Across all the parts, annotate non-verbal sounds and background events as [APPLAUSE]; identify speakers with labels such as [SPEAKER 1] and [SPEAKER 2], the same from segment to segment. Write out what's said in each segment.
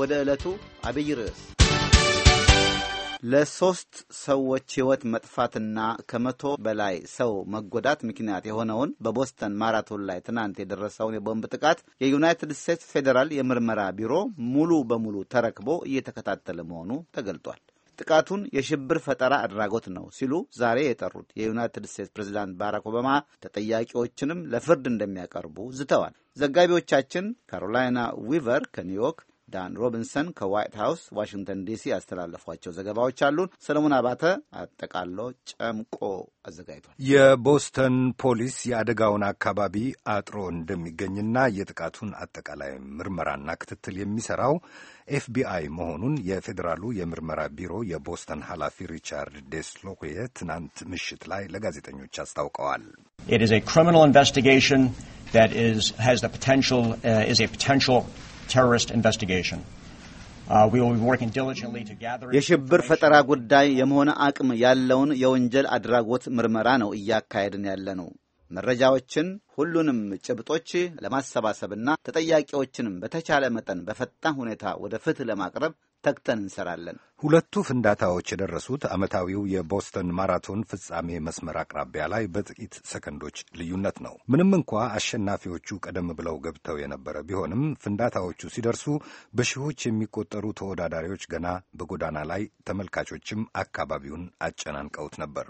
[SPEAKER 1] ወደ ዕለቱ አብይ ርዕስ ለሶስት ሰዎች ሕይወት መጥፋትና ከመቶ በላይ ሰው መጎዳት ምክንያት የሆነውን በቦስተን ማራቶን ላይ ትናንት የደረሰውን የቦምብ ጥቃት የዩናይትድ ስቴትስ ፌዴራል የምርመራ ቢሮ ሙሉ በሙሉ ተረክቦ እየተከታተለ መሆኑ ተገልጧል። ጥቃቱን የሽብር ፈጠራ አድራጎት ነው ሲሉ ዛሬ የጠሩት የዩናይትድ ስቴትስ ፕሬዚዳንት ባራክ ኦባማ ተጠያቂዎችንም ለፍርድ እንደሚያቀርቡ ዝተዋል። ዘጋቢዎቻችን ካሮላይና ዊቨር ከኒውዮርክ ዳን ሮቢንሰን ከዋይት ሃውስ ዋሽንግተን ዲሲ ያስተላለፏቸው ዘገባዎች አሉን። ሰለሞን አባተ አጠቃሎ ጨምቆ አዘጋጅቷል።
[SPEAKER 2] የቦስተን ፖሊስ የአደጋውን አካባቢ አጥሮ እንደሚገኝና የጥቃቱን አጠቃላይ ምርመራና ክትትል የሚሰራው ኤፍቢአይ መሆኑን የፌዴራሉ የምርመራ ቢሮ የቦስተን ኃላፊ ሪቻርድ ዴስሎዌ ትናንት ምሽት ላይ ለጋዜጠኞች አስታውቀዋል።
[SPEAKER 3] ኢት ኢዝ ኤ ክሪሚናል ኢንቨስቲጌሽን ዛት ኢዝ ሃዝ ዘ ኢዝ ኤ terrorist investigation. Uh,
[SPEAKER 2] [LAUGHS]
[SPEAKER 1] የሽብር ፈጠራ ጉዳይ የመሆነ አቅም ያለውን የወንጀል አድራጎት ምርመራ ነው እያካሄድን ያለ ነው። መረጃዎችን ሁሉንም ጭብጦች ለማሰባሰብና ተጠያቂዎችንም በተቻለ መጠን በፈጣን ሁኔታ ወደ ፍትህ ለማቅረብ ተግተን እንሰራለን።
[SPEAKER 2] ሁለቱ ፍንዳታዎች የደረሱት ዓመታዊው የቦስተን ማራቶን ፍጻሜ መስመር አቅራቢያ ላይ በጥቂት ሰከንዶች ልዩነት ነው። ምንም እንኳ አሸናፊዎቹ ቀደም ብለው ገብተው የነበረ ቢሆንም ፍንዳታዎቹ ሲደርሱ በሺዎች የሚቆጠሩ ተወዳዳሪዎች ገና በጎዳና ላይ፣ ተመልካቾችም አካባቢውን አጨናንቀውት ነበር።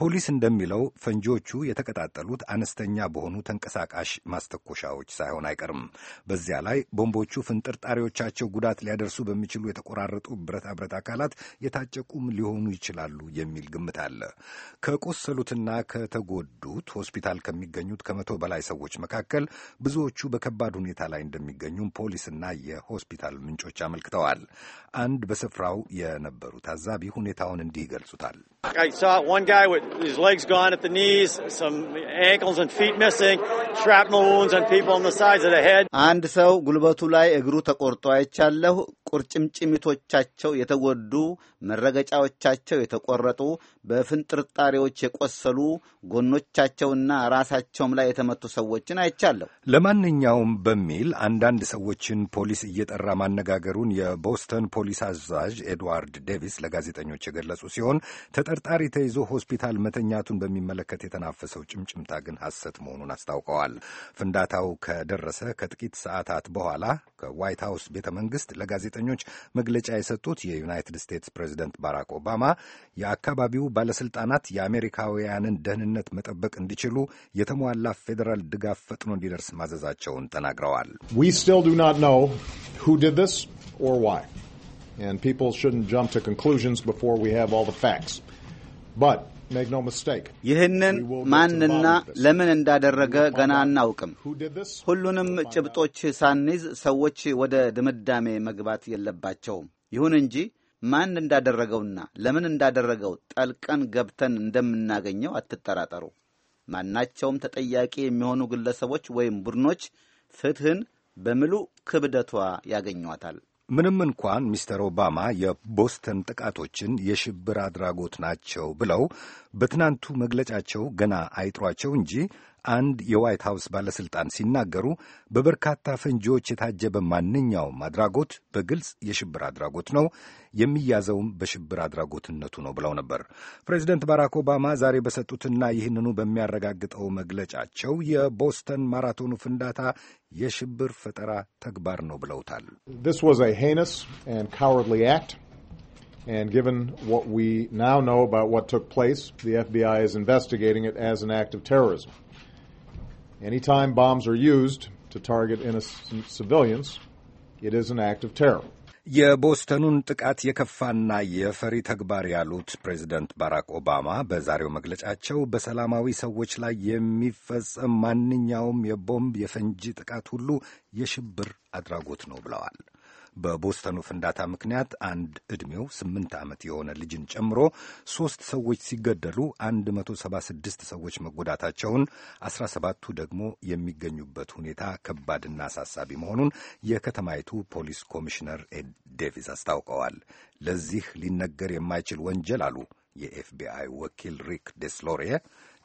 [SPEAKER 2] ፖሊስ እንደሚለው ፈንጂዎቹ የተቀጣጠሉት አነስተኛ በሆኑ ተንቀሳቃሽ ማስተኮሻዎች ሳይሆን አይቀርም። በዚያ ላይ ቦምቦቹ ፍንጥርጣሪዎቻቸው ጉዳት ሊያደርሱ በሚችሉ የተቆራረጡ ብረታ ብረታ አካላት የታጨቁም ሊሆኑ ይችላሉ የሚል ግምት አለ። ከቆሰሉትና ከተጎዱት ሆስፒታል ከሚገኙት ከመቶ በላይ ሰዎች መካከል ብዙዎቹ በከባድ ሁኔታ ላይ እንደሚገኙም ፖሊስና የሆስፒታል ምንጮች አመልክተዋል። አንድ በስፍራው የነበሩ ታዛቢ ሁኔታውን እንዲህ ይገልጹታል።
[SPEAKER 1] አንድ ሰው ጉልበቱ ላይ እግሩ ተቆርጦ አይቻለሁ። ቁርጭምጭሚቶቻቸው የተጎዱ፣ መረገጫዎቻቸው የተቆረጡ፣ በፍንጥርጣሪዎች የቆሰሉ፣ ጎኖቻቸውና ራሳቸውም ላይ የተመቱ ሰዎችን አይቻለሁ።
[SPEAKER 2] ለማንኛውም በሚል አንዳንድ ሰዎችን ፖሊስ እየጠራ ማነጋገሩን የቦስተን ፖሊስ አዛዥ ኤድዋርድ ዴቪስ ለጋዜጠኞች የገለጹ ሲሆን ተጠርጣሪ ተይዞ ሆስፒታል መተኛቱን በሚመለከት የተናፈሰው ጭምጭምታ ግን ሐሰት መሆኑን አስታውቀዋል። ፍንዳታው ከደረሰ ከጥቂት ሰዓታት በኋላ ከዋይት ሀውስ ቤተ መንግስት ለጋዜጠ ጋዜጠኞች መግለጫ የሰጡት የዩናይትድ ስቴትስ ፕሬዚደንት ባራክ ኦባማ የአካባቢው ባለስልጣናት የአሜሪካውያንን ደህንነት መጠበቅ እንዲችሉ የተሟላ ፌዴራል ድጋፍ ፈጥኖ እንዲደርስ ማዘዛቸውን ተናግረዋል። And people shouldn't
[SPEAKER 1] jump to conclusions before we have all the facts. ይህንን ማንና ለምን እንዳደረገ ገና አናውቅም። ሁሉንም ጭብጦች ሳንይዝ ሰዎች ወደ ድምዳሜ መግባት የለባቸውም። ይሁን እንጂ ማን እንዳደረገውና ለምን እንዳደረገው ጠልቀን ገብተን እንደምናገኘው አትጠራጠሩ። ማናቸውም ተጠያቂ የሚሆኑ ግለሰቦች ወይም ቡድኖች ፍትህን በምሉ ክብደቷ ያገኟታል።
[SPEAKER 2] ምንም እንኳን ሚስተር ኦባማ የቦስተን ጥቃቶችን የሽብር አድራጎት ናቸው ብለው በትናንቱ መግለጫቸው ገና አይጥሯቸው እንጂ አንድ የዋይት ሀውስ ባለሥልጣን ሲናገሩ በበርካታ ፈንጂዎች የታጀበ ማንኛውም አድራጎት በግልጽ የሽብር አድራጎት ነው፣ የሚያዘውም በሽብር አድራጎትነቱ ነው ብለው ነበር። ፕሬዚደንት ባራክ ኦባማ ዛሬ በሰጡትና ይህንኑ በሚያረጋግጠው መግለጫቸው የቦስተን ማራቶኑ ፍንዳታ የሽብር ፈጠራ ተግባር ነው ብለውታል።
[SPEAKER 1] And given what we now know about what took place, the FBI is investigating it as an act of terrorism. Anytime bombs are used to target
[SPEAKER 2] innocent civilians, it is an act of terror. የቦስተኑን ጥቃት የከፋና የፈሪ ተግባር ያሉት ፕሬዚደንት ባራክ ኦባማ በዛሬው መግለጫቸው በሰላማዊ ሰዎች ላይ የሚፈጸም ማንኛውም የቦምብ የፈንጂ ጥቃት ሁሉ የሽብር አድራጎት ነው ብለዋል። በቦስተኑ ፍንዳታ ምክንያት አንድ ዕድሜው ስምንት ዓመት የሆነ ልጅን ጨምሮ ሦስት ሰዎች ሲገደሉ ስድስት ሰዎች መጎዳታቸውን አስራ ቱ ደግሞ የሚገኙበት ሁኔታ ከባድና አሳሳቢ መሆኑን የከተማይቱ ፖሊስ ኮሚሽነር ኤድ ዴቪስ አስታውቀዋል። ለዚህ ሊነገር የማይችል ወንጀል አሉ የኤፍቢአይ ወኪል ሪክ ዴስሎሬ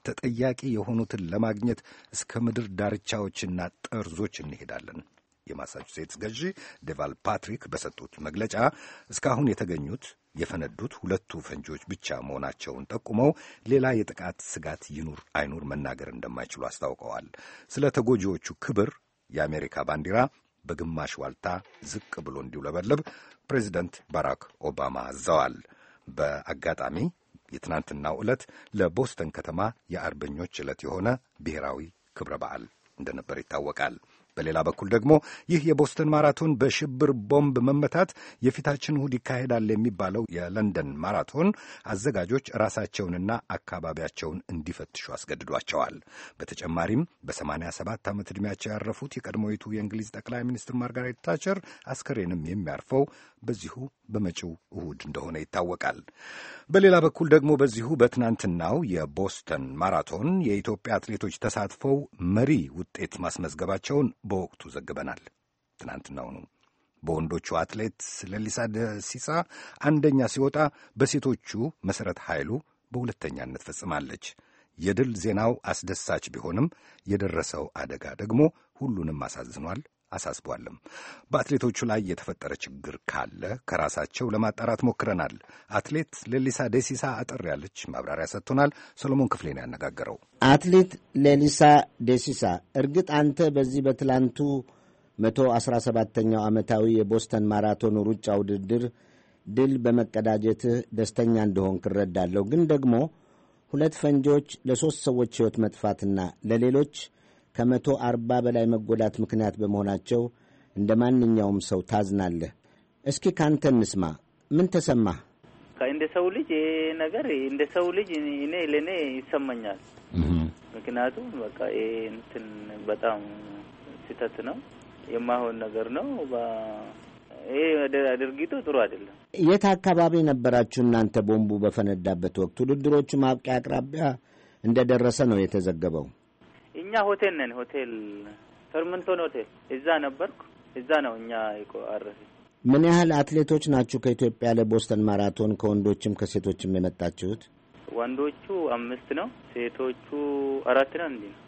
[SPEAKER 2] ተጠያቂ የሆኑትን ለማግኘት እስከ ምድር ዳርቻዎችና ጠርዞች እንሄዳለን። የማሳቹሴትስ ገዢ ዴቫል ፓትሪክ በሰጡት መግለጫ እስካሁን የተገኙት የፈነዱት ሁለቱ ፈንጂዎች ብቻ መሆናቸውን ጠቁመው ሌላ የጥቃት ስጋት ይኑር አይኑር መናገር እንደማይችሉ አስታውቀዋል። ስለ ተጎጂዎቹ ክብር የአሜሪካ ባንዲራ በግማሽ ዋልታ ዝቅ ብሎ እንዲውለበለብ ፕሬዚደንት ባራክ ኦባማ አዘዋል። በአጋጣሚ የትናንትናው ዕለት ለቦስተን ከተማ የአርበኞች ዕለት የሆነ ብሔራዊ ክብረ በዓል እንደነበር ይታወቃል። በሌላ በኩል ደግሞ ይህ የቦስተን ማራቶን በሽብር ቦምብ መመታት የፊታችን እሁድ ይካሄዳል የሚባለው የለንደን ማራቶን አዘጋጆች ራሳቸውንና አካባቢያቸውን እንዲፈትሹ አስገድዷቸዋል። በተጨማሪም በ87 ዓመት ዕድሜያቸው ያረፉት የቀድሞይቱ የእንግሊዝ ጠቅላይ ሚኒስትር ማርጋሬት ታቸር አስከሬንም የሚያርፈው በዚሁ በመጪው እሁድ እንደሆነ ይታወቃል። በሌላ በኩል ደግሞ በዚሁ በትናንትናው የቦስተን ማራቶን የኢትዮጵያ አትሌቶች ተሳትፈው መሪ ውጤት ማስመዝገባቸውን በወቅቱ ዘግበናል። ትናንትናውኑ በወንዶቹ አትሌት ለሊሳ ደሲሳ አንደኛ ሲወጣ፣ በሴቶቹ መሠረት ኃይሉ በሁለተኛነት ፈጽማለች። የድል ዜናው አስደሳች ቢሆንም የደረሰው አደጋ ደግሞ ሁሉንም አሳዝኗል፣ አሳስቧልም። በአትሌቶቹ ላይ የተፈጠረ ችግር ካለ ከራሳቸው ለማጣራት ሞክረናል። አትሌት ሌሊሳ ደሲሳ አጠር ያለች ማብራሪያ ሰጥቶናል። ሰሎሞን ክፍሌ ነው ያነጋገረው። አትሌት ሌሊሳ ደሲሳ፣ እርግጥ አንተ በዚህ በትላንቱ
[SPEAKER 3] አስራ ሰባተኛው ዓመታዊ የቦስተን ማራቶን ሩጫ ውድድር ድል በመቀዳጀትህ ደስተኛ እንደሆን ክረዳለሁ። ግን ደግሞ ሁለት ፈንጂዎች ለሦስት ሰዎች ሕይወት መጥፋትና ለሌሎች ከመቶ አርባ በላይ መጎዳት ምክንያት በመሆናቸው እንደ ማንኛውም ሰው ታዝናለህ። እስኪ ካንተ እንስማ። ምን ተሰማህ?
[SPEAKER 4] እንደ ሰው ልጅ ይሄ ነገር እንደ ሰው ልጅ እኔ ለእኔ ይሰማኛል። ምክንያቱም በቃ ይሄ እንትን በጣም ስህተት ነው፣ የማይሆን ነገር ነው። ይሄ ድርጊቱ ጥሩ አይደለም።
[SPEAKER 3] የት አካባቢ ነበራችሁ እናንተ? ቦምቡ በፈነዳበት ወቅት ውድድሮቹ ማብቂያ አቅራቢያ እንደደረሰ ነው የተዘገበው።
[SPEAKER 4] እኛ ሆቴል ነን። ሆቴል ፈርምንቶን ሆቴል እዛ ነበርኩ። እዛ ነው እኛ አረፍ።
[SPEAKER 3] ምን ያህል አትሌቶች ናችሁ ከኢትዮጵያ ለቦስተን ማራቶን ከወንዶችም ከሴቶችም የመጣችሁት?
[SPEAKER 4] ወንዶቹ አምስት ነው፣ ሴቶቹ አራት ነው። እንዲ ነው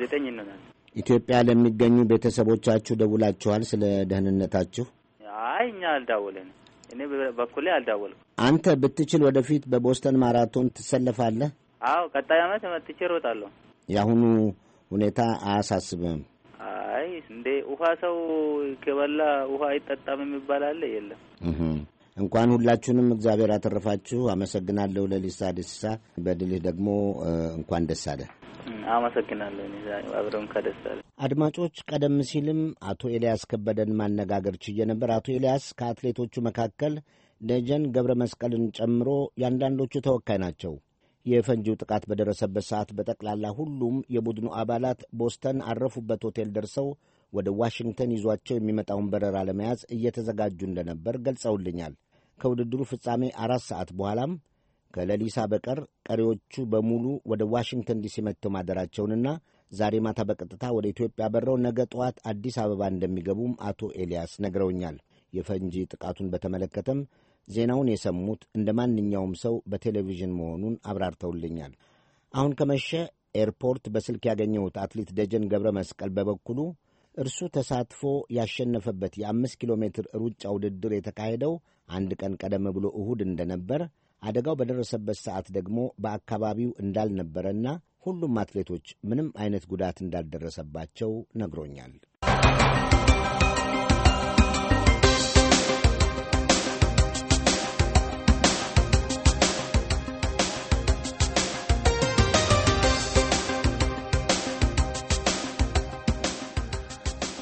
[SPEAKER 4] ዘጠኝ እንሆናል።
[SPEAKER 3] ኢትዮጵያ ለሚገኙ ቤተሰቦቻችሁ ደውላችኋል? ስለ ደህንነታችሁ?
[SPEAKER 4] አይ እኛ አልዳወለን። እኔ በኩሌ አልዳወልኩም።
[SPEAKER 3] አንተ ብትችል ወደፊት በቦስተን ማራቶን ትሰለፋለህ?
[SPEAKER 4] አዎ ቀጣይ አመት መጥቼ እሮጣለሁ።
[SPEAKER 3] የአሁኑ ሁኔታ አያሳስብም?
[SPEAKER 4] አይ እንዴ ውሃ ሰው ከበላ ውሃ አይጠጣም የሚባል አለ? የለም።
[SPEAKER 3] እንኳን ሁላችሁንም እግዚአብሔር አተረፋችሁ። አመሰግናለሁ። ለሊሳ ደሲሳ በድልህ ደግሞ እንኳን ደስ አለ።
[SPEAKER 4] አመሰግናለሁ። አብረውን ከደሳለ
[SPEAKER 3] አድማጮች፣ ቀደም ሲልም አቶ ኤልያስ ከበደን ማነጋገር ችዬ ነበር። አቶ ኤልያስ ከአትሌቶቹ መካከል ደጀን ገብረ መስቀልን ጨምሮ የአንዳንዶቹ ተወካይ ናቸው። የፈንጂው ጥቃት በደረሰበት ሰዓት በጠቅላላ ሁሉም የቡድኑ አባላት ቦስተን አረፉበት ሆቴል ደርሰው ወደ ዋሽንግተን ይዟቸው የሚመጣውን በረራ ለመያዝ እየተዘጋጁ እንደነበር ገልጸውልኛል። ከውድድሩ ፍጻሜ አራት ሰዓት በኋላም ከሌሊሳ በቀር ቀሪዎቹ በሙሉ ወደ ዋሽንግተን ዲሲ መጥተው ማደራቸውንና ዛሬ ማታ በቀጥታ ወደ ኢትዮጵያ በረው ነገ ጠዋት አዲስ አበባ እንደሚገቡም አቶ ኤልያስ ነግረውኛል። የፈንጂ ጥቃቱን በተመለከተም ዜናውን የሰሙት እንደ ማንኛውም ሰው በቴሌቪዥን መሆኑን አብራርተውልኛል። አሁን ከመሸ ኤርፖርት በስልክ ያገኘሁት አትሌት ደጀን ገብረ መስቀል በበኩሉ እርሱ ተሳትፎ ያሸነፈበት የአምስት ኪሎ ሜትር ሩጫ ውድድር የተካሄደው አንድ ቀን ቀደም ብሎ እሁድ እንደነበር፣ አደጋው በደረሰበት ሰዓት ደግሞ በአካባቢው እንዳልነበረና ሁሉም አትሌቶች ምንም አይነት ጉዳት እንዳልደረሰባቸው ነግሮኛል።